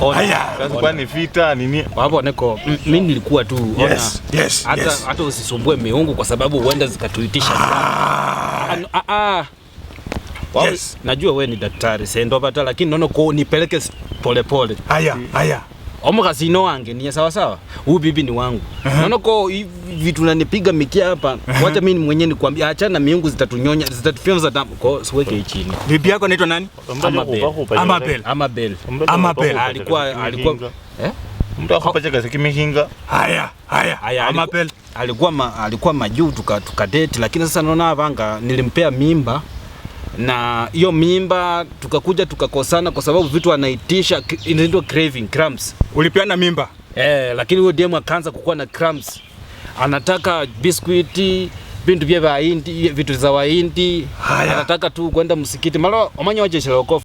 Sasa yaani ni vita nini? Hapo niko mimi nilikuwa tu ona. Yes, hata yes. Hata usisumbue miungu kwa sababu huenda zikatuitisha. Ah, ah, ah. Yes. Najua we ni daktari sendopata, lakini naona nipeleke polepole. Haya, haya. Omuka sino wange ni sawa sawa. Huyu bibi ni wangu. Naona kwa vitu nanipiga mikia hapa. Wacha mimi mwenyewe nikwambia acha na miungu zitatunyonya, zitatufyonza damu. Kwa siweke chini. Bibi yako anaitwa nani? Amabel. Amabel. Amabel. Amabel. Alikuwa alikuwa eh? Mtu akapacha kazi kimehinga. Haya, haya. haya Amabel. Alikuwa alikuwa majuu tukadeti tuka, lakini sasa naona vanga nilimpea mimba na hiyo mimba tukakuja tukakosana kwa sababu vitu anaitisha inaitwa craving cramps. Ulipeana mimba eh, lakini huyo dem akaanza kukuwa na cramps, anataka biskuiti vitu vya vaindi vitu za waindi, anataka tu kwenda msikiti mara waje wajeshelokofu